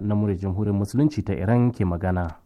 na muryar jamhuriyar musulunci ta iran ke magana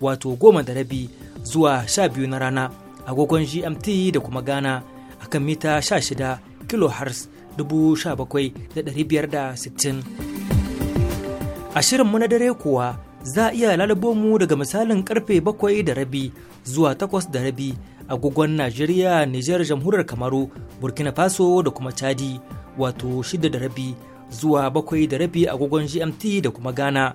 wato goma da rabi zuwa sha biyu na rana agogon gmt da kuma ghana a kan mita sha sha shida, dubu bakwai da biyar da sittin. a shirinmu na dare kuwa za a iya lalubo mu daga misalin karfe bakwai da rabi zuwa takwas da rabi agogon najeriya nijar jamhuriyar kamaru burkina faso da kuma chadi wato shida da rabi zuwa bakwai da rabi agogon gmt da kuma ghana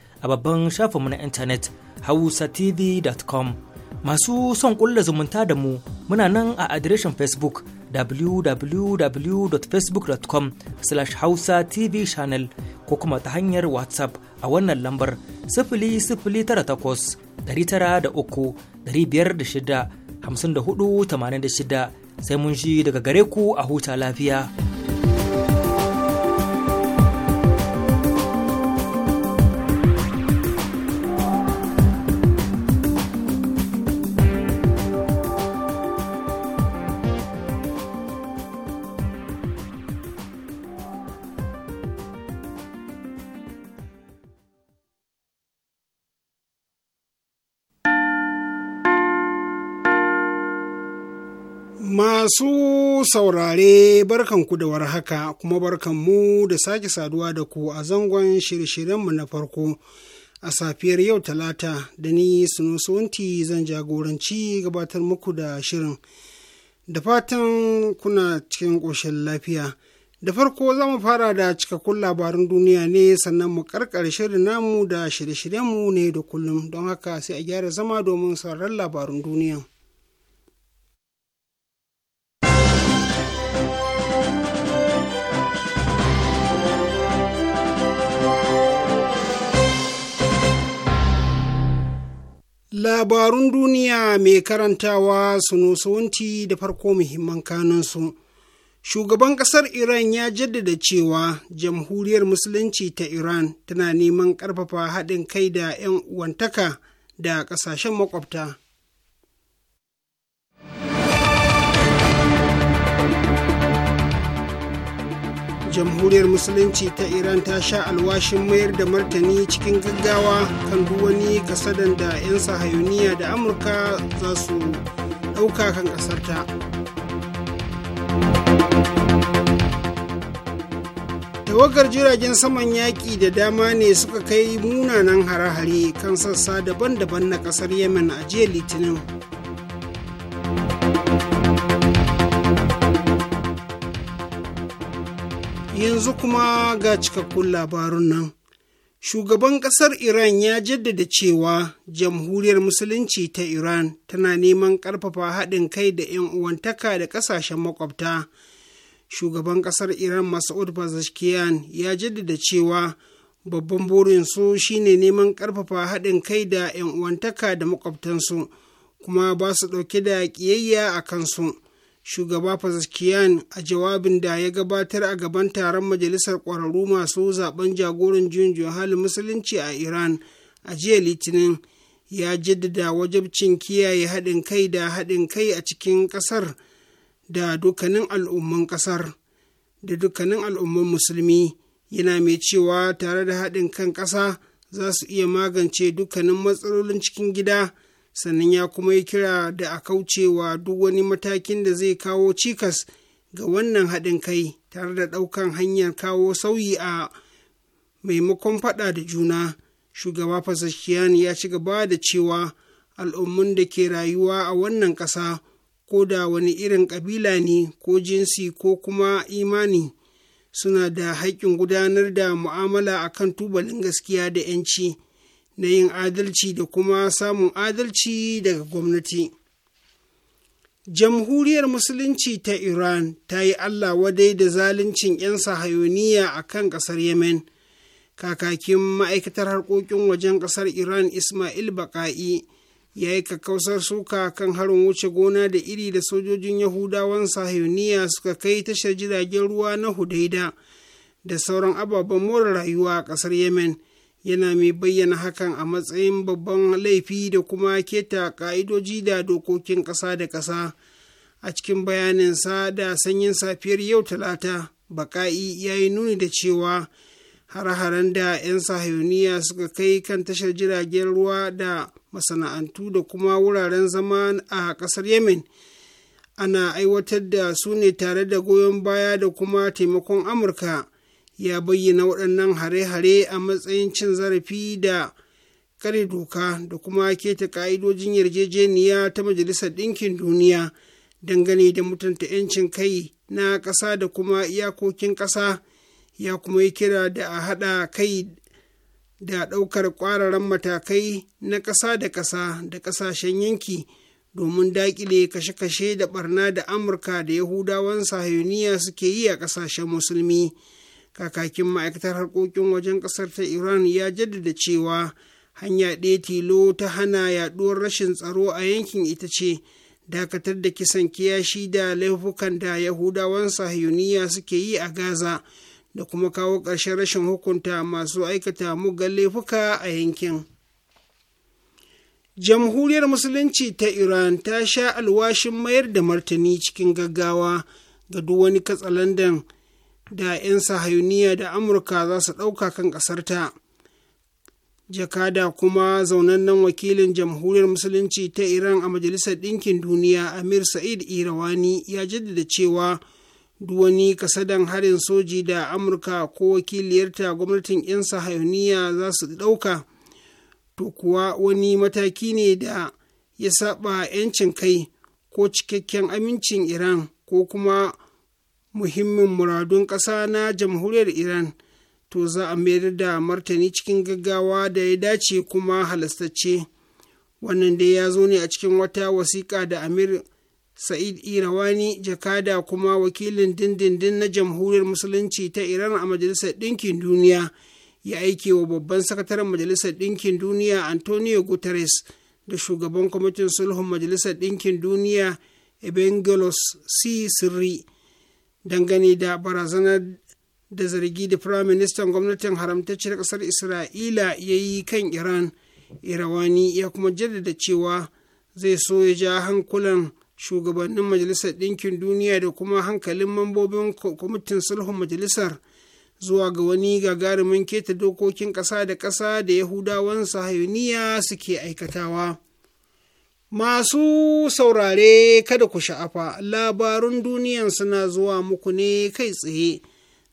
a babban shafinmu na intanet hausatv.com masu son kulla zumunta da mu muna nan a adireshin facebook www.facebook.com slash hausa tv channel ko kuma ta hanyar whatsapp a wannan lambar takwas, tara da shida, hamsin da hudu, tamanin da shida, sai mun shi daga gare ku a huta lafiya. Masu saurare barkanku da warhaka kuma barkanmu da sake saduwa da ku a zangon shirye-shiryenmu na farko a safiyar yau talata da ni sunusunti zan jagoranci gabatar muku da shirin. Da fatan kuna cikin ƙoshin lafiya. Da farko za mu fara da cikakkun labarin duniya ne sannan mu karkar shirin namu da shirye-shiryenmu ne da kullum don haka sai a gyara zama domin sauran labarin duniya. Labarun duniya mai karantawa su sunusuwanti da farko muhimman kanunsu. Shugaban ƙasar Iran ya jaddada cewa jamhuriyar Musulunci ta Iran tana neman ƙarfafa haɗin kai da 'yan uwantaka da ƙasashen makwabta. jamhuriyar musulunci ta iran ta sha alwashin mayar da martani cikin gaggawa kan duk wani kasadan da 'yan sahayuniya da amurka za su dauka kan kasarta. tawagar jiragen saman yaƙi da dama ne suka kai munanan hare-hare kan sassa daban-daban na ƙasar yemen a jiya litinin yanzu kuma ga cikakkun labarun nan. Shugaban ƙasar Iran ya jaddada cewa jamhuriyar Musulunci ta Iran tana neman ƙarfafa haɗin kai da 'yan uwantaka da ƙasashen makwabta. Shugaban ƙasar Iran Masoud bazashkiyan ya jaddada cewa babban burinsu shine neman ƙarfafa haɗin kai da 'yan uwantaka da makwabtansu kuma ba su ɗauke da ƙiyayya a kansu. shugaba Fazaskiyan a jawabin da ya gabatar a gaban taron majalisar ƙwararru masu zaben jagoran juyin halin musulunci a Iran a jiya Litinin ya jaddada wajabcin kiyaye haɗin kai da haɗin kai a cikin ƙasar da dukkanin al'umman ƙasar da dukkanin al'umman musulmi yana mai cewa tare da haɗin kan ƙasa za su iya magance dukkanin matsalolin cikin gida. sannan ya kuma yi kira da a kaucewa duk wani matakin da zai kawo cikas ga wannan haɗin kai tare da ɗaukan hanyar kawo sauyi a maimakon faɗa da juna shugaba fasashiyani ya ci gaba da cewa al'ummun da ke rayuwa a wannan ƙasa ko da wani irin ƙabila ne ko jinsi ko kuma imani suna da haƙƙin gudanar da mu'amala akan tubalin gaskiya da 'yanci. na yin adalci da kuma samun adalci daga gwamnati. Jamhuriyar Musulunci ta Iran ta yi Allah wadai da zaluncin 'yan sahayoniya a kan ƙasar Yemen. Kakakin ma'aikatar harkokin wajen ƙasar Iran Ismail baka'i ya yi kakkausar suka kan harin wuce gona da iri da sojojin Yahudawan sahayoniya suka kai tashar jiragen ruwa na Hudaida da sauran ababen more rayuwa a ƙasar Yemen. yana mai bayyana hakan a matsayin babban laifi da kuma keta ka'idoji da dokokin ƙasa da ƙasa a cikin bayaninsa da sanyin safiyar yau talata baka'i ya yi nuni da cewa hare-haren da 'yan sahiyoniya suka kai kan tashar jiragen ruwa da masana'antu da kuma wuraren zama a ƙasar yemen ana aiwatar da su ne tare da goyon baya da kuma taimakon amurka ya bayyana waɗannan hare-hare a matsayin cin zarafi da kare doka da kuma keta ka'idojin yarjejeniya ta majalisar ɗinkin duniya dangane da mutunta 'yancin kai na ƙasa da kuma iyakokin ƙasa ya kuma yi kira da a haɗa kai da ɗaukar ƙwararren matakai na ƙasa da ƙasa da ƙasashen yanki domin daƙile kashe-kashe da ɓarna da amurka da yahudawan sahiyoniya suke yi a ƙasashen musulmi. kakakin ma'aikatar harkokin wajen ƙasar ta iran ya jaddada cewa hanya ɗaya tilo ta hana yaɗuwar rashin tsaro a yankin ita ce dakatar da kisan kiyashi da laifukan da yahudawan sahiyuniya suke yi a gaza da kuma kawo ƙarshen rashin hukunta masu aikata mugan laifuka a yankin jamhuriyar musulunci ta iran ta sha alwashin mayar da martani cikin gaggawa ga duk wani katsalandan da 'yan sahayuniya da amurka za su ɗauka kan ƙasarta jakada kuma zaunannen wakilin jamhuriyar musulunci ta iran a majalisar ɗinkin duniya amir sa'id irawani ya jaddada cewa duwani kasadan harin soji da amurka ko wakiliyarta gwamnatin 'yan sahayuniya za su ɗauka to kuwa wani mataki ne da ya saba 'yancin kai ko cikakken amincin iran ko kuma muhimmin muradun ƙasa na jamhuriyar iran to za a mayar da martani cikin gaggawa da ya dace kuma halastacce wannan dai ya zo ne a cikin wata wasiƙa da amir sa'id irawani jakada kuma wakilin dindindin na jamhuriyar musulunci ta iran a majalisar ɗinkin duniya ya aike wa babban sakataren majalisar ɗinkin duniya antonio guterres da shugaban kwamitin sulhun majalisar ɗinkin duniya evangelos c sirri dangane da barazanar da zargi da firaministan gwamnatin haramtacciyar ƙasar isra'ila ya yi kan iran irawani ya kuma jaddada cewa zai so ya ja hankulan shugabannin majalisar ɗinkin duniya da kuma hankalin mambobin kwamitin sulhun majalisar zuwa ga wani gagarumin keta dokokin ƙasa da ƙasa da yahudawan sahayuniya suke aikatawa. Masu saurare kada ku sha'afa labarun duniyan suna zuwa muku ne kai tsaye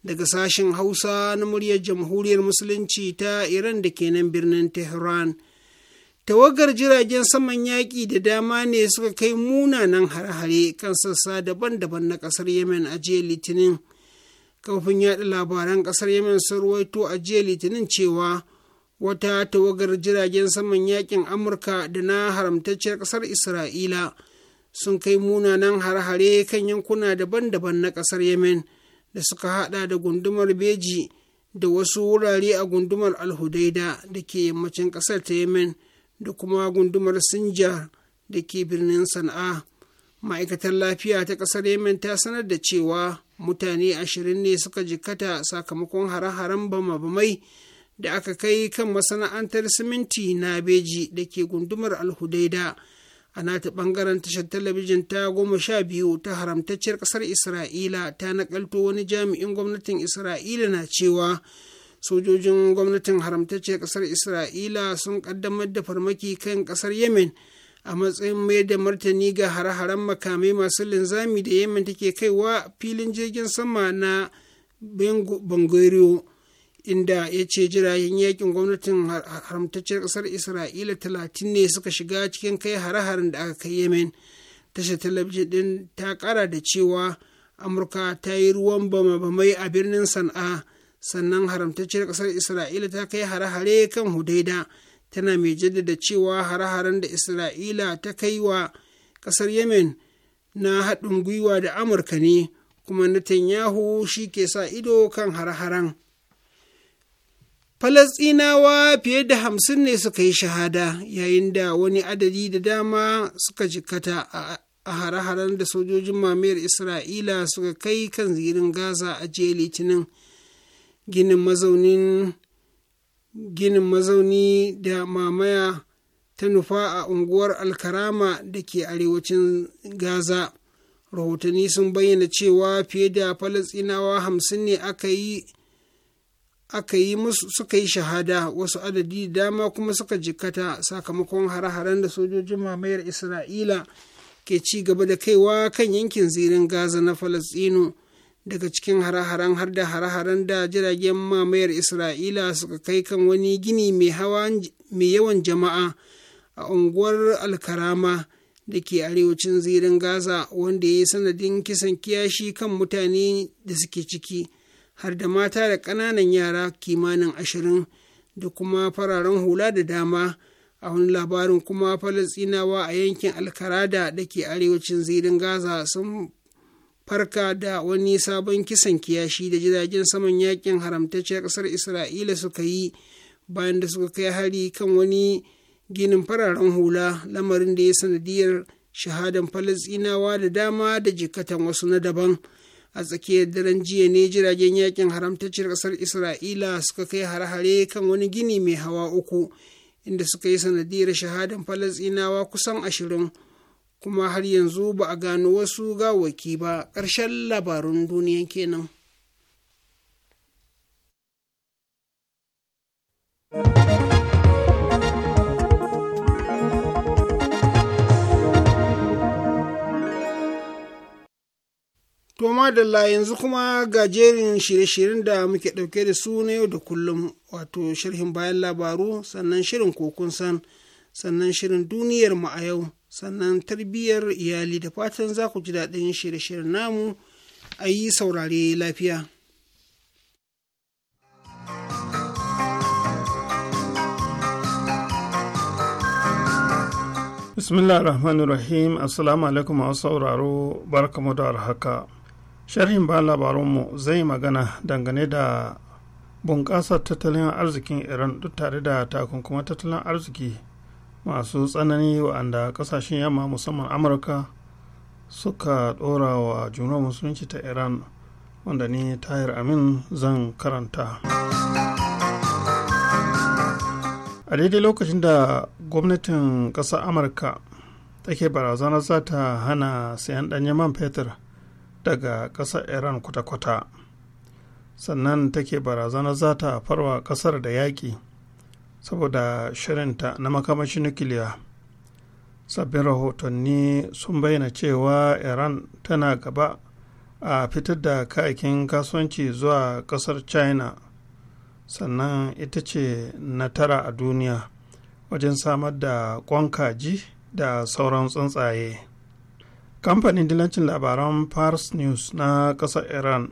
daga sashen Hausa na muryar Jamhuriyar Musulunci ta Iran da ke nan birnin Tehran. Tawagar jiragen saman yaƙi da dama ne suka kai munanan hare-hare kan sassa daban-daban na ƙasar Yemen a jiya Litinin. Kafin yaɗa labaran ƙasar Yemen sun ruwaito a jiya Litinin cewa. wata tawagar jiragen saman yakin amurka da na haramtacciyar ƙasar isra'ila sun kai munanan har-hare kan yankuna daban-daban na ƙasar yemen da suka hada da gundumar beji da wasu wurare a gundumar alhudaida da ke yammacin ƙasar ta yemen da kuma gundumar sinjar da ke birnin sana'a ma'aikatar lafiya ta ƙasar yamen ta sanar da cewa mutane ashirin ne suka jikkata sakamakon hare-haren bama-bamai da aka kai kan masana'antar siminti na beji da ke gundumar alhudaida a nata ɓangaren tashar talabijin ta goma sha biyu ta haramtacciyar ƙasar isra'ila ta nakalto wani jami'in gwamnatin isra'ila na cewa sojojin gwamnatin haramtacciyar ƙasar isra'ila sun ƙaddamar da farmaki kan ƙasar yemen a matsayin mai da martani ga hare-haren makamai masu linzami da yemen take kaiwa filin jirgin sama na bangoriyo inda ya ce jiragen yakin gwamnatin haramtaccen ƙasar isra'ila talatin ne suka shiga cikin kai hare-haren da aka kai yemen tashar talabijin ɗin ta ƙara da cewa amurka ta yi ruwan bama-bamai a birnin sana'a sannan haramtacciyar ƙasar isra'ila ta kai hare-hare kan hudaida tana mai jaddada cewa hare-haren da isra'ila ta kai wa ƙasar yemen na haɗin gwiwa da amurka ne kuma netanyahu shi ke sa ido kan hare-haren Falasɗinawa fiye da hamsin ne suka yi shahada yayin da wani adadi da dama suka jikkata a hare-haren da sojojin mamayar Isra'ila suka kai kan zirin Gaza a jiya Litinin ginin mazaunin ginin mazauni da mamaya ta nufa a unguwar Alkarama da ke arewacin Gaza. Rahotanni sun bayyana cewa fiye da Falasɗinawa hamsin ne aka yi aka yi musu suka yi shahada wasu adadi dama kuma suka jikkata sakamakon hare-haren da sojojin mamayar isra'ila ke ci gaba da kaiwa kan yankin zirin gaza na falastinu daga cikin hare-haren har da hare-haren da jiragen mamayar isra'ila suka kai kan wani gini mai yawan jama'a a unguwar alkarama da ke arewacin zirin gaza wanda ya yi sanadin kisan kiyashi kan mutane da suke ciki har da mata da ƙananan yara kimanin ashirin da kuma fararen hula da dama a wani labarin kuma falasinawa a yankin alkarada da ke arewacin zirin gaza sun farka da wani sabon kisan kiyashi da jiragen saman yakin haramtacciyar ƙasar isra'ila suka yi bayan da suka kai hari kan wani ginin fararen hula lamarin da ya sanadiyar shahadan falasinawa da dama da jikatan wasu na daban a tsakiyar daren jiya ne jiragen yakin haramtacciyar ƙasar isra'ila suka kai hare-hare kan wani gini mai hawa uku inda suka yi sanadiyar shahadan falasinawa kusan ashirin kuma har yanzu ba a gano wasu gawaki ba ƙarshen labarun duniya kenan. da la yanzu kuma ga jerin shirye-shiryen da muke ɗauke da su na yau da kullum wato sharhin bayan labaru sannan shirin kokun san sannan shirin duniyar mu a yau sannan tarbiyyar iyali da fatan za ku ji daɗin shirye-shiryen namu a yi saurare lafiya. Bismillah ar rahim Assalamu alaikum masu sauraro, barkamu da haka. sharhin ba labarunmu zai magana dangane da bunƙasar tattalin arzikin iran duk tare da takunkuma tattalin arziki masu tsanani wa'anda ƙasashen yamma musamman amurka suka ɗora wa juna musulunci ta iran wanda ni tahir amin zan karanta a daidai lokacin da gwamnatin ƙasar amurka take barazanar za ta hana sayan ɗanyen man fetur daga ƙasar iran kwata-kwata sannan take barazanar za ta farwa ƙasar da yaƙi saboda shirinta na makamashi nukiliya sabbin rahotanni sun bayyana cewa iran tana gaba a fitar da kayakin kasuwanci zuwa ƙasar china sannan ita ce na tara a duniya wajen samar da ƙwan kaji da sauran tsuntsaye kamfanin dilancin labaran pars news na ƙasar iran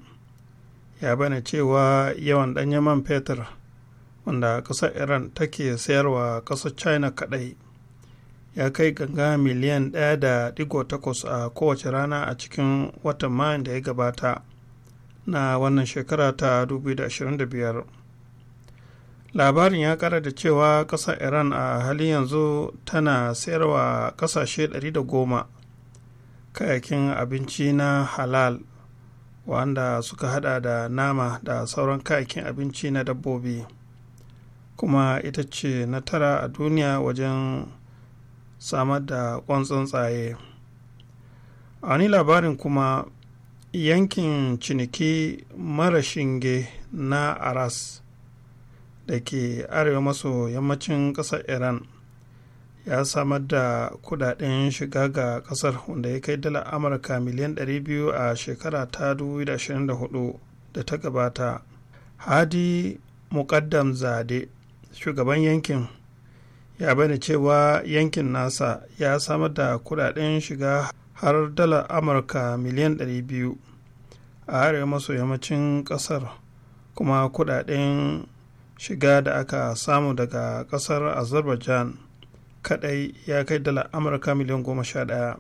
ya bane cewa yawan ɗanyen man fetur wanda ƙasar iran take sayarwa ƙasar china kaɗai ya kai ganga miliyan 1.8 a kowace rana a cikin watan mayan da ya gabata na wannan shekara ta 2025 labarin ya kara da cewa ƙasar iran a halin yanzu tana sayarwa ƙasashe 110 kayakin abinci na halal wanda suka hada da nama da sauran kayakin abinci na dabbobi kuma ita ce na tara a duniya wajen samar da ƙwan tsuntsaye a wani labarin kuma yankin ciniki mara shinge na aras da ke arewa maso yammacin ƙasar iran ya samar da kudaden shiga ga kasar wanda ya kai dala amurka miliyan 200 a shekara ta 2024 da ta gabata hadi mukaddam zade shugaban yankin ya bani cewa yankin nasa ya samar da kudaden shiga har dala amurka miliyan 200 a arewa maso yammacin kasar kuma kudaden shiga da aka samu daga kasar azerbaijan kadai ya kai dala amurka miliyan goma sha daya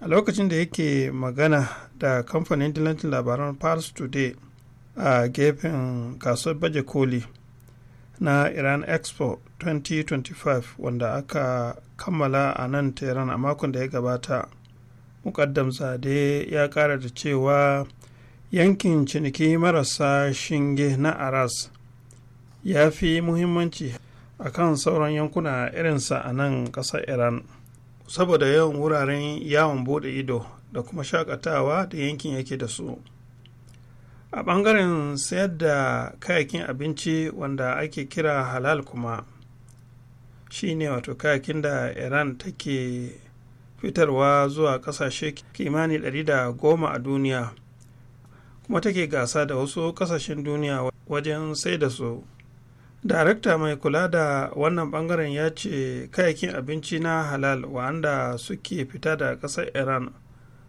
a lokacin da yake magana da kamfanin dillancin labaran pars today a gefen kasuwar baje koli na iran expo 2025 wanda aka kammala a nan tehran a makon da ya gabata mukaddam zade ya kara da cewa yankin ciniki marasa shinge na aras ya fi muhimmanci a kan sauran yankuna irinsa a nan ƙasar iran saboda yawan wuraren yawon bude ido da kuma shakatawa da yankin yake da su a ɓangaren sayar da kayakin abinci wanda ake kira halal kuma shine wato kayakin da iran take fitarwa zuwa ƙasashe kimani goma a duniya kuma take gasa da wasu ƙasashen duniya wajen sai da su darakta mai kula da wannan bangaren ya ce kayakin abinci na halal wanda suke fita da kasar iran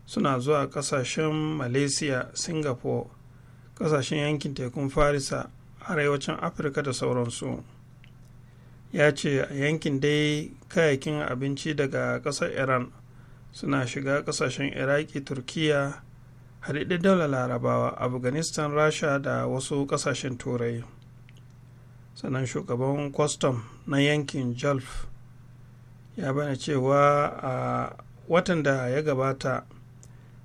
suna zuwa kasashen malaysia singapore kasashen yankin tekun farisa arewacin afirka da sauransu ya ce a yankin dai kayakin abinci daga kasar iran suna shiga kasashen iraki turkiya haɗaɗɗen daular larabawa afghanistan rasha da wasu kasashen turai sannan shugaban kwastam na yankin jalf ya bane cewa a watan da ya gabata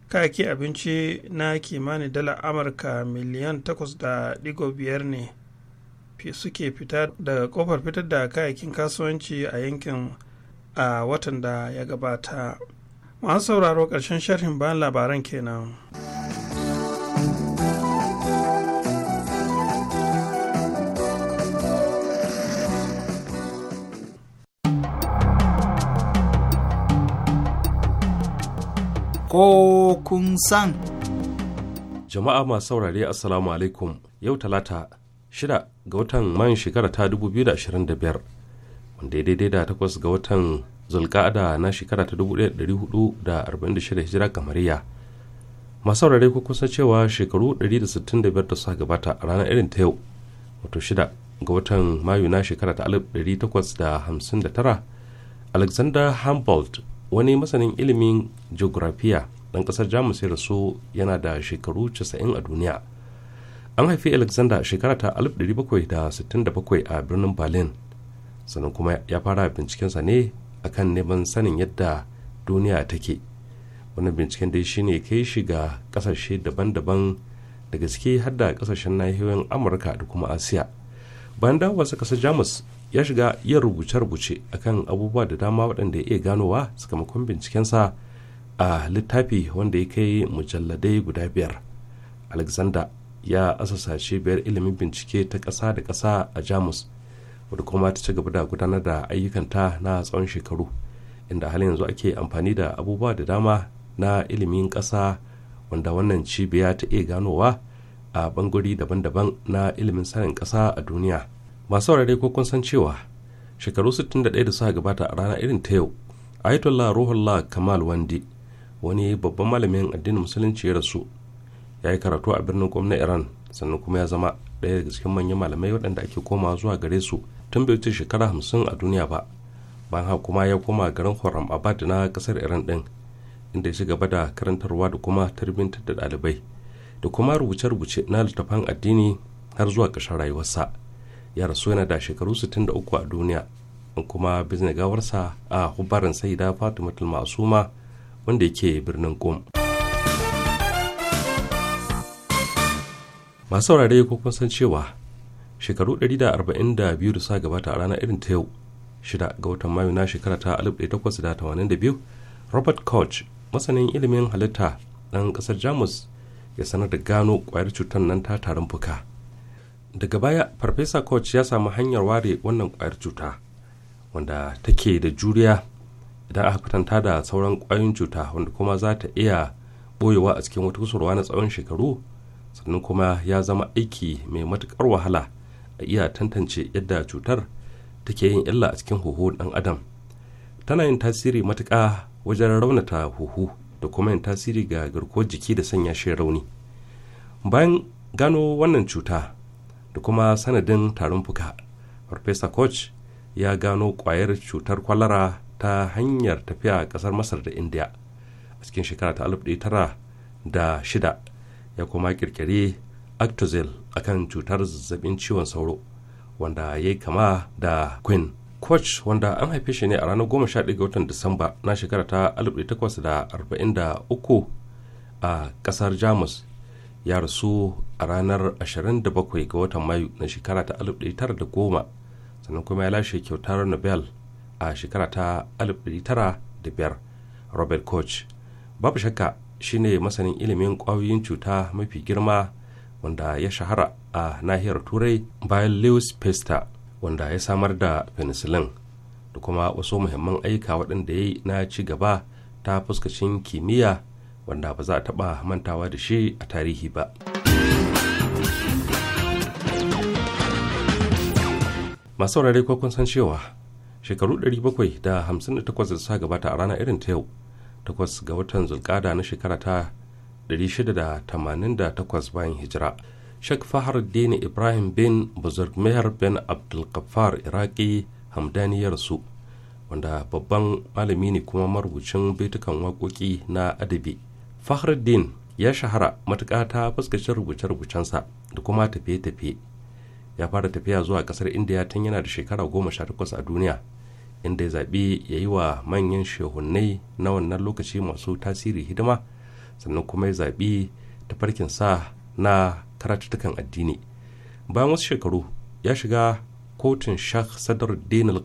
kayaki abinci na kimanin dala amurka miliyan 8.5 ne suke fita daga kofar fitar da kayakin kasuwanci a yankin a watan da ya gabata masu sauraro ƙarshen sharhin bayan labaran kenan. ko kun san. Jama'a masu saurare Assalamu alaikum yau talata shida ga watan man shekara ta 2025 wanda ya daidai da takwas ga watan zulka'ada na shekara ta 1446 hijira kamariya. Masu saurare ku kusa cewa shekaru 165 da suka gabata a ranar irin ta yau wato shida ga watan mayu na shekara ta 1859 Alexander Humboldt wani masanin ilimin geografiya ɗan ƙasar jamus ya rasu yana da shekaru 90 a duniya an haifi alexander shekara ta 1767 a birnin berlin sannan kuma ya fara bincikensa ne akan neman sanin yadda duniya take wani binciken dai shine kai shi ga ƙasashe daban-daban da gaske har da kasashen nahiyoyin amurka da kuma asiya bayan dawowarsa kasar jamus ya shiga ya rubuce-rubuce akan abubuwa da dama waɗanda ya iya ganowa sakamakon bincikensa a littafi wanda ya kai mujalladai guda biyar alexander ya asasa cibiyar ilimin bincike ta ƙasa da ƙasa a jamus wadda kuma ta ci gaba da gudanar da ayyukanta na tsawon shekaru inda halin yanzu ake amfani da abubuwa da dama na ilimin ƙasa wanda wannan cibiya ta iya ganowa a bangare daban-daban na ilimin sanin ƙasa a duniya. masu saurare ko kun san cewa shekaru 61 da suka gabata a rana irin ta yau ayatollah ruhullah kamal wandi wani babban malamin addinin musulunci ya rasu ya yi karatu a birnin gwamnan iran sannan kuma ya zama ɗaya daga cikin manyan malamai waɗanda ake koma zuwa gare su tun bai wuce shekara hamsin a duniya ba bayan haka kuma ya koma garin horam abad na kasar iran ɗin inda ya ci gaba da karantarwa da kuma tarbintar da ɗalibai da kuma rubuce-rubuce na littattafan addini har zuwa ƙarshen rayuwarsa ya rasu yana da shekaru 63 a duniya an kuma bizne gawarsa a hubarin saida fatimatul masuma wanda yake birnin kum masu saurare ko kun san cewa shekaru 142 da sa gabata a rana irin ta yau shida ga watan mayu na shekara ta 1882 robert koch masanin ilimin halitta ɗan ƙasar jamus ya sanar da gano kwayar cutar nan ta tarin fuka daga baya farfesa koch ya samu hanyar ware wannan kwayar cuta wanda take da juriya idan aka kwatanta da sauran kwayoyin cuta wanda kuma za ta iya boyewa a cikin wata kusurwa na tsawon shekaru sannan kuma ya zama aiki mai matukar wahala a iya tantance yadda cutar take yin illa a cikin huhu dan adam tana yin tasiri matuka wajen raunata huhu da kuma yin tasiri ga garkuwar jiki da sanya shi rauni bayan gano wannan cuta da kuma sanadin tarin fuka farfesa koch ya gano kwayar cutar kwalara ta hanyar tafiya kasar masar da india a cikin shekara ta 1906 ya kuma kirkiri actozil kan cutar zazzabin ciwon sauro wanda ya kama da queen koch wanda an haife shi ne a ranar 11 ga watan disamba na shekara ta uku a kasar jamus ya rasu a ranar 27 ga watan mayu na shekara ta 1910 sannan kuma ya lashe kyautar nobel a shekara ta 1905 robert koch babu shakka shine masanin ilimin kwayoyin cuta mafi girma wanda ya shahara a nahiyar turai bayan lewis pesta wanda ya samar da penicillin da kuma wasu muhimman aika waɗanda ya yi na ci gaba ta fuskacin kimiyya wanda ba za a taɓa mantawa da shi a tarihi ba masu saurare ko kun san cewa shekaru 758 da suka gabata a rana irin ta yau takwas ga watan zulkada na shekara ta 688 bayan hijira Sheikh Dini Ibrahim bin Buzurgmeher bin Abdulkaffar Iraki Hamdani ya rasu wanda babban malami ne kuma marubucin baitukan waƙoƙi na adabi fahruddin ya shahara matuƙa ta fuskacin rubuce-rubucensa da kuma tafiye-tafiye. Ya fara tafiya zuwa ƙasar Indiya tun yana da shekara goma sha takwas a duniya, inda ya zaɓi ya yi wa manyan shehunai na wannan lokaci masu tasiri hidima, sannan kuma ya zaɓi tafarkinsa na karatuttukan addini. Bayan wasu shekaru ya shiga kotun shak Sadaruddin al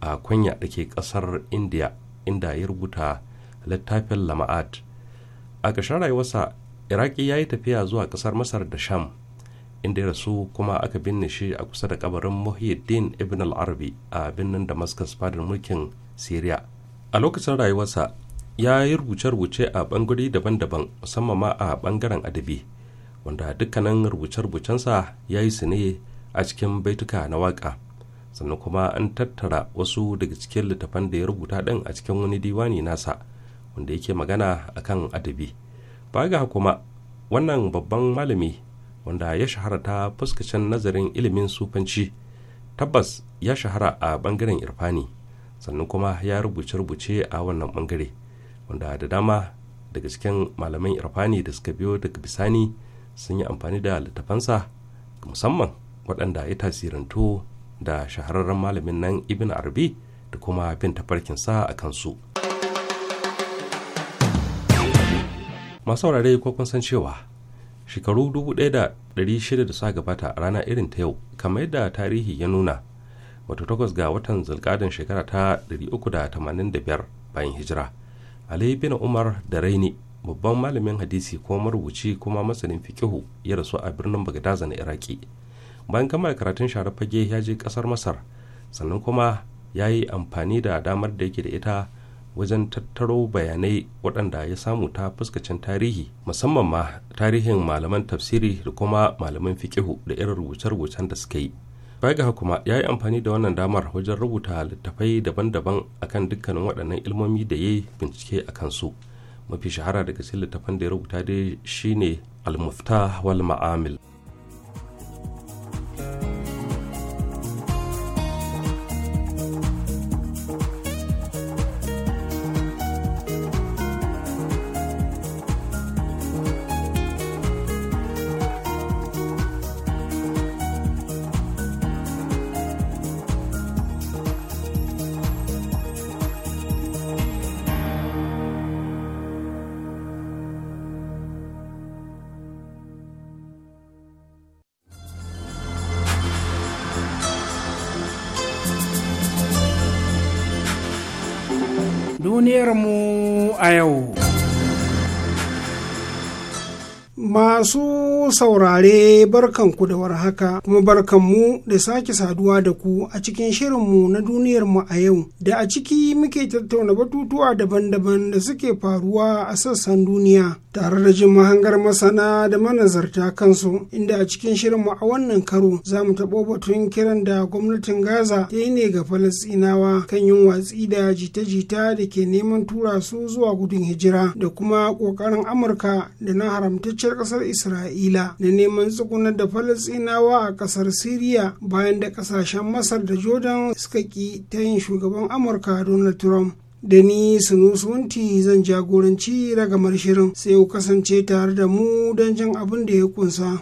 a Kunya da ke ƙasar Indiya, inda ya rubuta littafin lama'at a ƙarshen rayuwarsa iraki ya yi tafiya zuwa ƙasar masar da sham inda ya rasu kuma aka binne shi a kusa da kabarin muhyiddin ibn al-arabi a birnin damascus fadar mulkin syria a lokacin rayuwarsa ya yi rubuce-rubuce a bangare daban-daban musamman ma a bangaren adabi wanda dukkanin rubuce-rubucensa ya yi su ne a cikin baituka na waka sannan kuma an tattara wasu daga cikin littafan da ya rubuta ɗin a cikin wani diwani nasa wanda yake magana a kan adabi ba ga kuma wannan babban malami wanda ya shahara ta fuskacin nazarin ilimin sufanci tabbas ya shahara a bangaren irfani sannan kuma ya rubuce-rubuce a wannan bangare wanda da dama daga cikin malaman irfani da suka biyo daga bisani sun yi amfani da littafansa musamman waɗanda ya tasirantu da shahararren malamin nan ibn arabi da kuma bin tafarkinsa a kansu. masu saurare ko kun san cewa shekaru 1600 da suka gabata a rana irin ta yau kamar yadda tarihi ya nuna wato takwas ga watan zulkadin shekara ta 385 bayan hijira ali bin umar da raini babban malamin hadisi ko marubuci kuma masanin fikihu ya rasu a birnin bagdaza na iraki bayan kammala karatun sharafage ya je kasar masar sannan kuma ya yi amfani da damar da yake da ita wajen tattaro bayanai waɗanda ya samu ta fuskacin tarihi musamman ma tarihin malaman tafsiri da kuma malaman fikihu da irin rubuce-rubucen da suka yi baya ga kuma ya yi amfani da wannan damar wajen rubuta littattafai daban-daban akan dukkanin waɗannan ilmomi da ya bincike a kansu mafi shahara daga cikin littattafan da ya rubuta dai shine al-muftah wal ma'amil saurare barkan ku da warhaka kuma barkan mu da sake saduwa da ku a cikin shirin mu na duniyar mu a yau da a ciki muke tattauna batutuwa daban-daban da suke faruwa a sassan duniya tare da jin mahangar masana da manazarta kansu inda a cikin shirin mu a wannan karo za mu taɓo batun kiran da gwamnatin gaza ta yi ne ga falastinawa kan yin watsi da jita-jita da ke neman tura su zuwa gudun hijira da kuma ƙoƙarin amurka da na haramtacciyar ƙasar isra'ila isra'ila da neman tsugunar da falasinawa a kasar siriya bayan da kasashen masar da jordan suka ki ta yin shugaban amurka donald trump da ni sunusunti zan jagoranci ragamar shirin sai ku kasance tare da mu don jin abin da ya kunsa.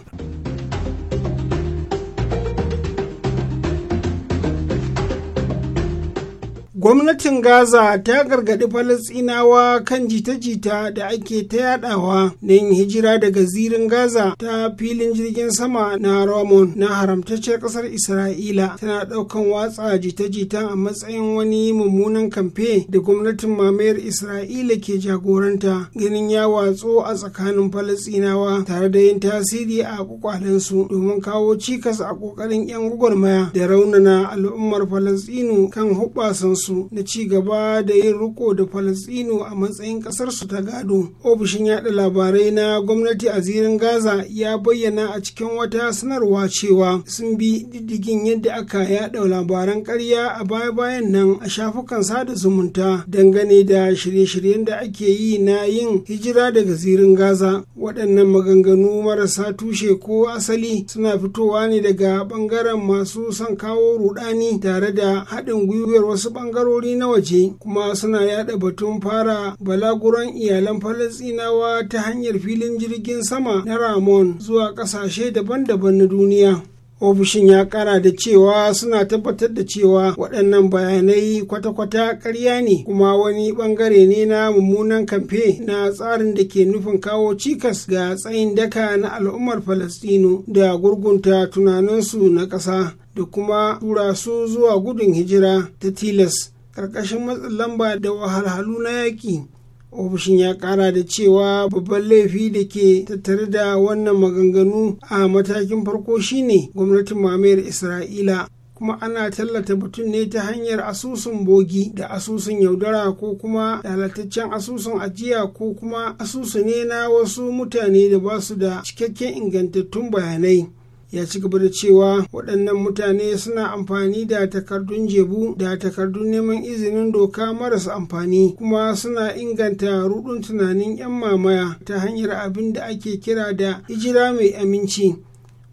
Gwamnatin Gaza ta gargaɗi Falasinawa kan jita-jita da ake ta yaɗawa na yin hijira daga zirin Gaza ta filin jirgin sama na Ramon na haramtacciyar ƙasar Isra'ila tana ɗaukan watsa jita-jita a matsayin wani mummunan kamfe da gwamnatin mamayar Isra'ila ke jagoranta ganin ya watso a tsakanin Falasinawa, tare da yin tasiri a kwakwalensu domin kawo cikas a ƙoƙarin 'yan gwagwarmaya da raunana al'ummar Falasinu kan huɓasansu. na ci gaba da yin riko da falasino a matsayin ƙasarsu ta gado ofishin yaɗa labarai na gwamnati a zirin gaza ya bayyana a cikin wata sanarwa cewa sun bi diddigin yadda aka yaɗa labaran karya a baya-bayan nan a shafukan sada zumunta dangane da shirye-shiryen da ake yi na yin hijira daga zirin gaza waɗannan maganganu marasa tushe ko asali suna fitowa ne daga ɓangaren masu son kawo rudani tare da haɗin gwiwar wasu ɓangaren bangarori na waje kuma suna yada batun fara balaguran iyalan falasinawa ta hanyar filin jirgin sama na ramon zuwa kasashe daban-daban na duniya ofishin ya kara da cewa suna tabbatar da cewa waɗannan bayanai kwata-kwata karya ne kuma wani ɓangare ne na mummunan kamfe na tsarin da ke nufin kawo cikas ga tsayin daka na al'ummar falastinu da gurgunta tunaninsu na ƙasa da kuma tura su zuwa gudun hijira ta tilas ƙarƙashin matsin lamba da wahalhalu na yaƙi ofishin ya ƙara da cewa babban laifi da ke tattare da wannan maganganu a matakin farko shine gwamnatin mamayar isra'ila kuma ana tallata batun ne ta hanyar asusun bogi da asusun yaudara ko kuma lalataccen asusun ajiya ko kuma asusu ne na wasu mutane da ba su da cikakken ingantattun bayanai ya ci gaba da cewa waɗannan mutane suna amfani da takardun jebu da takardun neman izinin doka marasa amfani kuma suna inganta rudun tunanin 'yan mamaya ta hanyar abin da ake kira da ijira mai aminci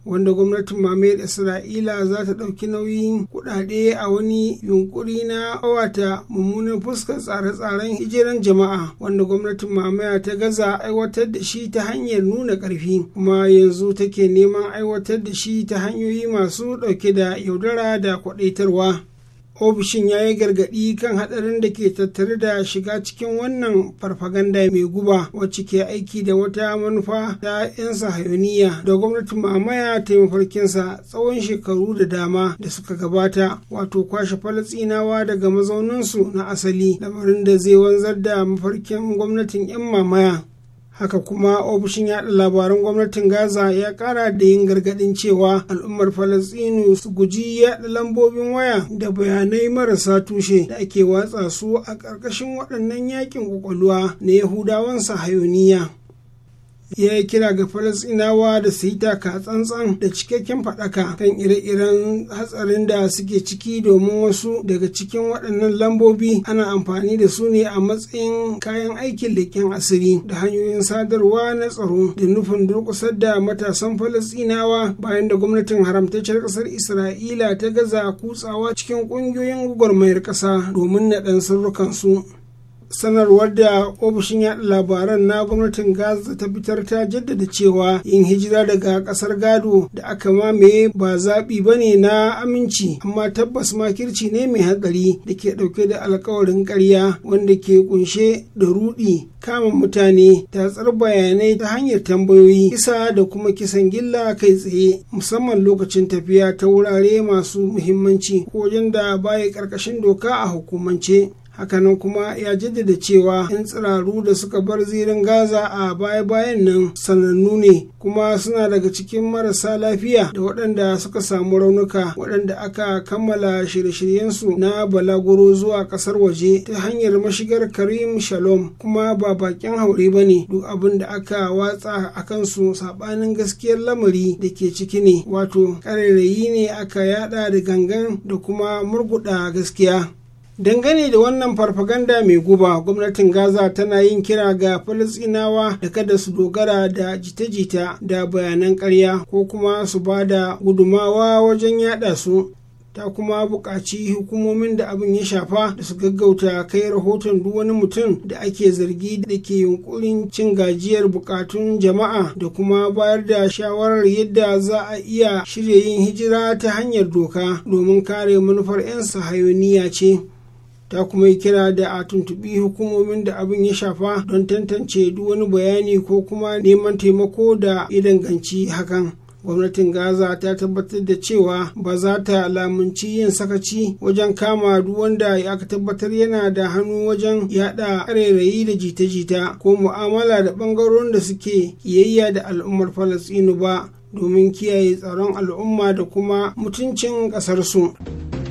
wanda gwamnatin mamayar isra'ila za ta ɗauki nauyin kuɗaɗe a wani yunkuri na awata mummunan fuskar tsare-tsaren hijiran jama'a wanda gwamnatin mamaya ta gaza aiwatar da shi ta hanyar nuna ƙarfi kuma yanzu take neman aiwatar da shi ta hanyoyi masu ɗauke da yaudara da kwaɗaitarwa ofishin ya yi gargaɗi kan haɗarin da ke tattare da shiga cikin wannan farfaganda mai guba wacce ke aiki da wata manufa ta 'yan sahayoniya da gwamnatin mamaya ta mafarkinsa tsawon shekaru da dama da suka gabata wato kwashe falatsinawa daga mazauninsu na asali lamarin da zai wanzar da mafarkin gwamnatin 'yan mamaya haka kuma ofishin yaɗa labaran gwamnatin gaza ya kara da yin gargaɗin cewa al'ummar Falasinu su guji yaɗa lambobin waya da bayanai marasa tushe da ake watsa su a ƙarƙashin waɗannan yakin ƙwaƙwalwa na yahudawan sahayoniya ya yi kira ga falasinawa da su yi taka tsantsan da cikakken faɗaka kan ire-iren hatsarin da suke ciki domin wasu daga cikin waɗannan lambobi ana amfani da su ne a matsayin kayan aikin leƙen asiri da hanyoyin sadarwa na tsaro da nufin durƙusar da matasan falasinawa bayan da gwamnatin haramtacciyar ƙasar isra'ila ta gaza kutsawa cikin ƙungiyoyin gwagwarmayar ƙasa domin naɗan sirrukansu. su sanarwar da ofishin yaɗa labaran na gwamnatin gaza ta fitar ta jaddada cewa yin hijira daga ƙasar gado da aka mamaye ba zaɓi ba ne na aminci amma tabbas makirci ne mai hatsari da ke ɗauke da alkawarin ƙarya wanda ke kunshe da ruɗi kama mutane tatsar bayanai ta hanyar tambayoyi kisa da kuma kisan gilla kai tsaye musamman lokacin tafiya ta wurare masu muhimmanci ko wajen da baya ƙarƙashin doka a hukumance hakanan kuma ya jaddada cewa 'yan tsiraru da suka bar zirin gaza a baya-bayan nan sanannu ne kuma suna daga cikin marasa lafiya da waɗanda suka samu raunuka waɗanda aka kammala shirye-shiryensu na balaguro zuwa ƙasar waje ta hanyar mashigar karim shalom kuma ba bakin haure ba ne duk abin da aka watsa a kansu saɓanin gaskiyar lamari da ke ciki ne wato ƙarairayi ne aka yada da gangan da kuma murguɗa gaskiya dangane da wannan farfaganda mai guba gwamnatin gaza tana yin kira ga falasinawa da kada su dogara da jita-jita da bayanan karya ko kuma su ba da gudumawa wajen yada su ta kuma buƙaci hukumomin da abin ya shafa da su gaggauta kai rahoton duk wani mutum da ake zargi da ke yunkurin cin gajiyar buƙatun jama'a da kuma bayar da shawarar yadda za a iya shirya yin hijira ta hanyar doka domin kare manufar 'yan sahayoniya ce ta kuma yi kira da a tuntubi hukumomin da abin ya shafa don tantance duk wani bayani ko kuma neman taimako da idanganci hakan gwamnatin gaza ta tabbatar da cewa ba za ta lamunci yin sakaci wajen kama duk wanda ya aka tabbatar yana da hannu wajen yada rairayi da jita-jita ko mu'amala da bangarorin da suke kiyayya da al'ummar falasinu ba domin kiyaye tsaron al'umma da kuma mutuncin ƙasarsu. su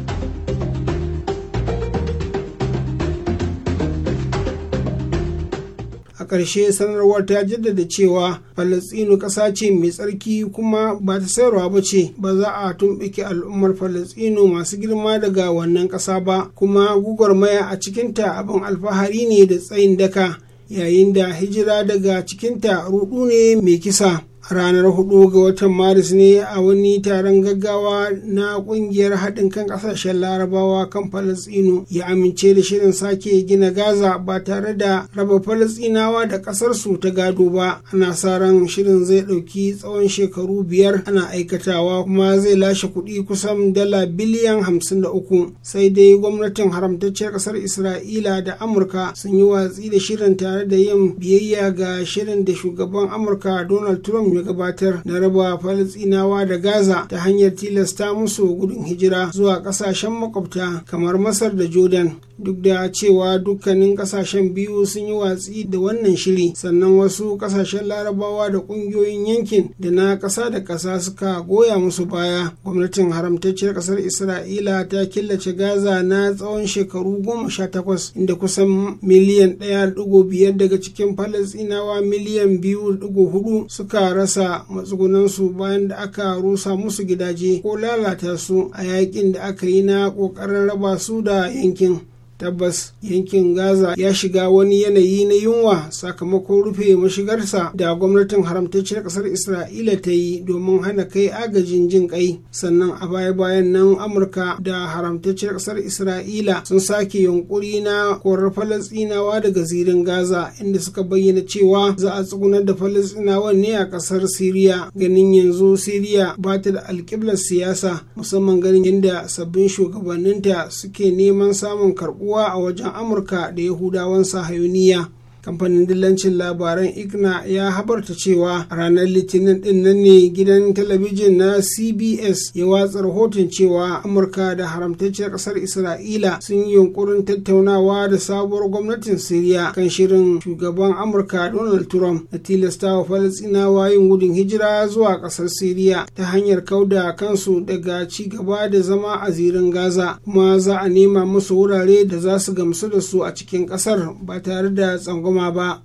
ƙarshe sanarwar ta jaddada cewa falasɗinu ƙasa ce mai tsarki kuma ba ta sayarwa ba ce ba za a tumɓuke al'ummar falasɗinu masu girma daga wannan ƙasa ba kuma maya a cikinta abin alfahari ne da tsayin daka yayin da hijira daga cikinta ruɗu ne mai kisa ranar 4 ga watan maris ne a wani taron gaggawa na kungiyar haɗin kan ƙasashen larabawa kan falasɗinu ya amince da shirin sake gina gaza ba tare da raba falasɗinawa da ƙasarsu ta gado ba ana sa ran shirin zai ɗauki tsawon shekaru biyar ana aikatawa kuma zai lashe kuɗi kusan dala biliyan hamsin da uku sai dai gwamnatin haramtacciyar ƙasar isra'ila da amurka sun yi watsi da shirin tare da yin biyayya ga shirin da shugaban amurka donald trump ya gabatar na raba falastinawa da gaza ta hanyar tilasta musu gudun hijira zuwa kasashen makwabta kamar masar da jordan duk da cewa dukkanin kasashen biyu sun yi watsi da wannan shiri sannan wasu kasashen larabawa da kungiyoyin yankin da na kasa da kasa suka goya musu baya gwamnatin haramtacciyar kasar isra'ila ta killace gaza na tsawon shekaru goma sha takwas inda kusan miliyan ɗaya biyar daga cikin falasinawa miliyan biyu hudu suka rasa matsugunansu bayan da aka rusa musu gidaje ko lalata su a yakin da aka yi na ƙoƙarin raba su da yankin tabbas yankin gaza ya shiga wani yanayi na yunwa sakamakon rufe mashigarsa da gwamnatin haramtacciyar kasar isra'ila ta yi domin hana kai agajin jin kai sannan a baya bayan nan amurka da haramtacciyar kasar isra'ila sun sake yunkuri na korar falastinawa daga zirin gaza inda suka bayyana cewa za a tsugunar da falastinawa ne a kasar siriya ganin yanzu siriya ba ta da alkiblar siyasa musamman ganin yadda sabbin shugabanninta suke neman samun karɓuwa kowa a wajen amurka da yahudawan sahayuniya kamfanin dillancin labaran igna ya habarta cewa ranar litinin din nan ne gidan talabijin na cbs ya watsa rahoton cewa amurka da haramtacciyar kasar isra'ila sun yi yunkurin tattaunawa da sabuwar gwamnatin siriya kan shirin shugaban amurka donald trump na tilastawa falastinawa yin gudun hijira zuwa kasar siriya ta hanyar kauda kansu daga ci gaba da zama a zirin gaza kuma za a nema musu wurare da za su gamsu da su a cikin kasar ba tare da tsangon. koma ba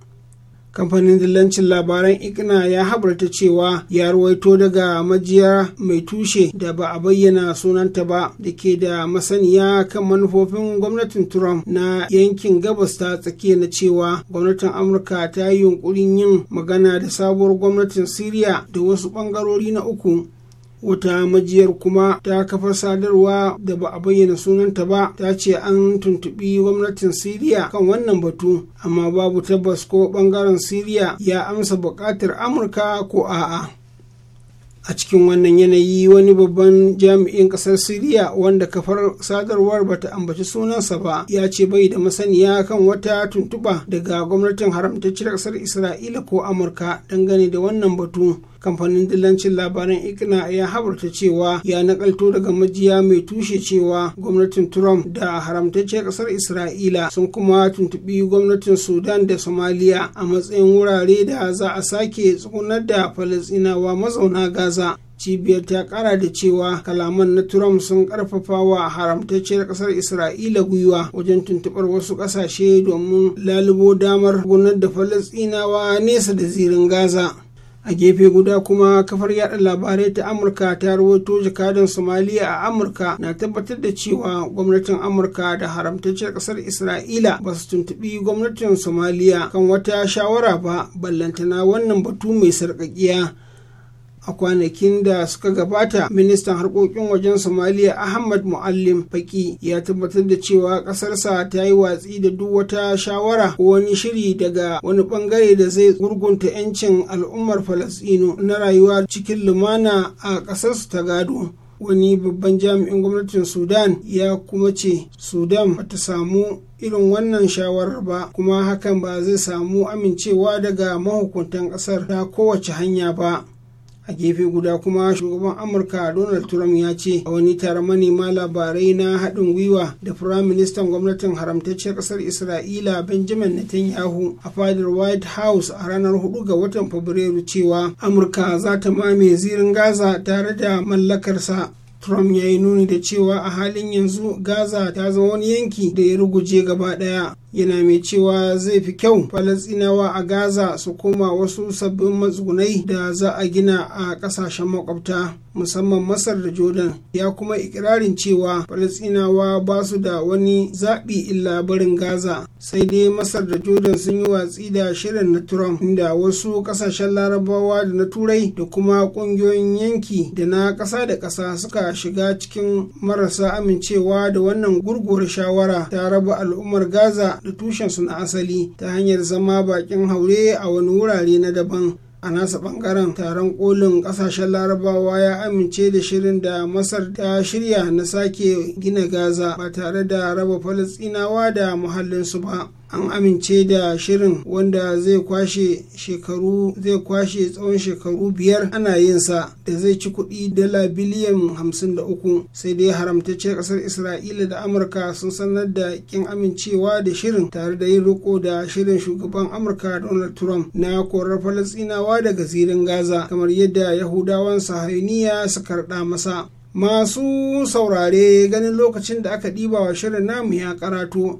kamfanin dillancin labaran ikna ya habarta cewa ya ruwaito daga majiya mai tushe da ba a bayyana sunanta ba da ke da masaniya kan manufofin gwamnatin trump na yankin gabas ta tsakiya na cewa gwamnatin amurka ta yi yunkurin yin magana da sabuwar gwamnatin syria da wasu bangarori na uku wata majiyar kuma ta kafa sadarwa da ba a bayyana sunanta ba ta ce an tuntubi gwamnatin siriya kan wannan batu amma babu tabbas ko bangaren siriya ya amsa bukatar amurka ko a'a a cikin wannan yanayi wani babban jami'in kasar siriya wanda kafar sadarwar bata ambaci sunansa ba ya ce bai da masaniya kan wata tuntuba daga gwamnatin haramtacciyar kasar isra'ila ko amurka dangane da wannan batu kamfanin dillancin labaran ikna ya habarta cewa ya nakalto daga majiya mai tushe cewa gwamnatin trump da haramtacciyar kasar isra'ila sun kuma tuntubi gwamnatin sudan da somaliya a matsayin wurare da za a sake tsugunar da falasinawa mazauna gaza cibiyar ta kara da cewa kalaman na trump sun karfafa wa haramtacciyar kasar isra'ila gwiwa wajen tuntubar wasu kasashe domin lalubo damar gunar da falasinawa nesa da zirin gaza a gefe guda kuma kafar yada labarai ta amurka ta rawaito jakadan somaliya a amurka na tabbatar da cewa gwamnatin amurka da haramtacciyar kasar isra'ila ba su tuntubi gwamnatin somaliya kan wata shawara ba ballantana wannan batu mai sarƙaƙiya a kwanakin da suka gabata ministan harkokin wajen somaliya ahmad muallim faki ya tabbatar da cewa ƙasarsa ta yi watsi da duk wata shawara ko wani shiri daga wani bangare da zai gurgunta 'yancin al'ummar falasino na rayuwa cikin lumana a ƙasarsu ta gado wani babban jami'in gwamnatin sudan ya kuma ce sudan bata samu irin wannan shawarar ba kuma hakan ba zai samu amincewa daga mahukuntan ƙasar ta kowace hanya ba a gefe guda kuma shugaban amurka donald trump ya ce a wani taron manema labarai na haɗin gwiwa da firayim ministan gwamnatin haramtacciyar ƙasar isra'ila benjamin netanyahu a fadar white house a ranar 4 ga watan fabrairu cewa amurka za ta mame zirin gaza tare da mallakarsa Trump ya yi nuni da cewa a halin yanzu Gaza ta zama wani yanki da ya ruguje gaba ɗaya yana mai cewa zai fi kyau falasinawa a gaza su koma wasu sabbin matsugunai da za a gina a kasashen makwabta musamman masar da jordan ya kuma ikirarin cewa falasinawa ba su da wani zaɓi illa barin gaza sai dai masar da jordan sun yi watsi da shirin na trump inda wasu kasashen larabawa da na turai da kuma ƙungiyoyin yanki da na ƙasa da ƙasa suka shiga cikin marasa amincewa da wannan gurguwar shawara ta raba al'ummar gaza haɗu tushensu na asali ta hanyar zama bakin haure a wani wurare na daban a nasa bangaren taron kolin kasashen larabawa ya amince da shirin da masar ta shirya na sake gina gaza ba tare da raba falasinawa da muhallinsu ba an amince da shirin wanda zai kwashe shekaru zai kwashe tsawon shekaru biyar ana yin sa da zai ci kuɗi dala biliyan hamsin da uku. sai dai haramtacciyar ƙasar isra'ila da amurka sun sanar da kin amincewa da shirin tare da yin riko da shirin shugaban amurka donald trump na korar falastinawa daga zirin gaza kamar yadda yahudawan sahayuniya su karɗa masa masu saurare ganin lokacin da aka ɗiba wa shirin namu ya karatu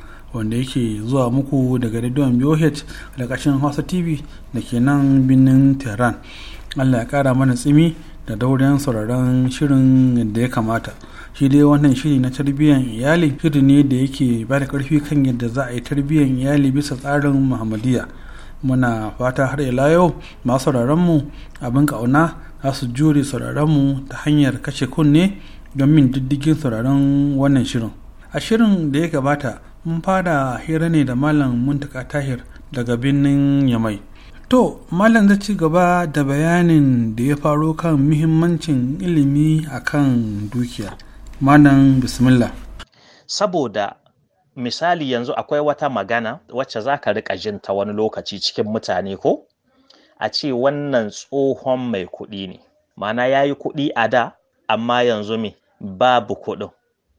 wanda yake zuwa muku daga rediyon BOH da kashin Hausa TV da ke nan birnin Tehran. Allah ya kara mana tsimi da daurin sauraron shirin da ya kamata. Shi dai wannan shiri na tarbiyyar iyali shiri ne da yake ba da karfi kan yadda za a yi tarbiyyar iyali bisa tsarin Muhammadiyya. Muna fata har ila yau masu sauraronmu abin kauna za su jure sauraronmu ta hanyar kashe kunne don min diddigin sauraron wannan shirin. A shirin da ya gabata mun fara hira ne da malam muntaka tahir daga birnin yamai to malam zai ci gaba da bayanin da ya faro kan muhimmancin ilimi a kan dukiya malam bismillah saboda misali yanzu akwai wata magana wacce za ka riƙa jin ta wani lokaci cikin mutane ko a ce wannan tsohon mai kuɗi ne mana ya yi kuɗi a da amma yanzu me babu kuɗin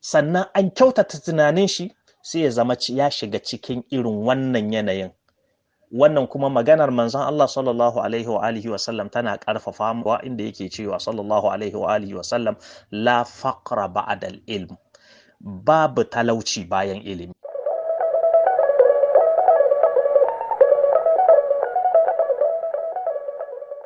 sannan an kyautata tunanin shi sai ya zama ya shiga cikin irin wannan yanayin wannan kuma maganar manzon Allah sallallahu alaihi wa alihi wa sallam tana karfafa wa inda yake cewa sallallahu alaihi wa alihi wa sallam la faqra ba'da al-ilm babu talauci bayan ilimi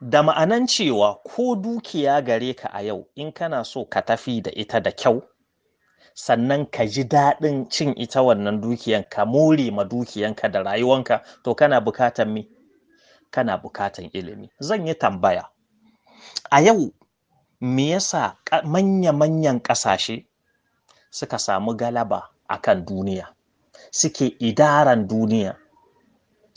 da ma'anan cewa ko dukiya gare ka a yau in kana so ka tafi da ita da kyau sannan ka ji daɗin cin ita wannan dukiyan ka more ma dukiyanka da rayuwanka to kana bukatan me kana bukatan ilimi zan yi tambaya a yau me yasa manya-manyan ƙasashe suka samu galaba akan duniya suke idaran duniya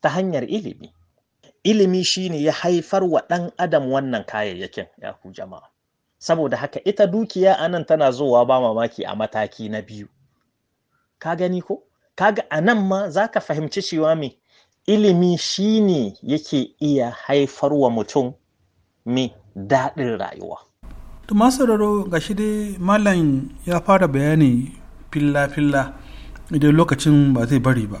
ta hanyar ilimi ilimi shi ne ya haifar wa ɗan adam wannan kayayyakin ya ku jama'a saboda haka ita dukiya a nan tana zowa ba mamaki a mataki na biyu ka gani ko kaga a nan ma za ka fahimci cewa me ilimi shi ne yake iya haifar wa mutum me daɗin rayuwa to masu ga shi dai malam ya fara bayani filla-filla idan lokacin ba zai bari ba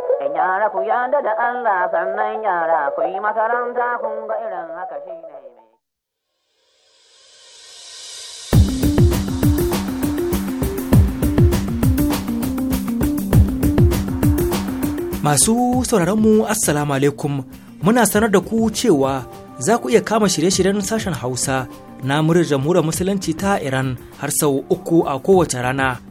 Yara ku yada da Allah sannan yara ku yi makaranta kun ga irin haka shi ne. Masu sauraronmu Assalamu alaikum muna sanar da ku cewa za ku iya kama shirye-shiryen sashen Hausa na muryar jamhuriyar Musulunci ta Iran har sau uku a kowace rana.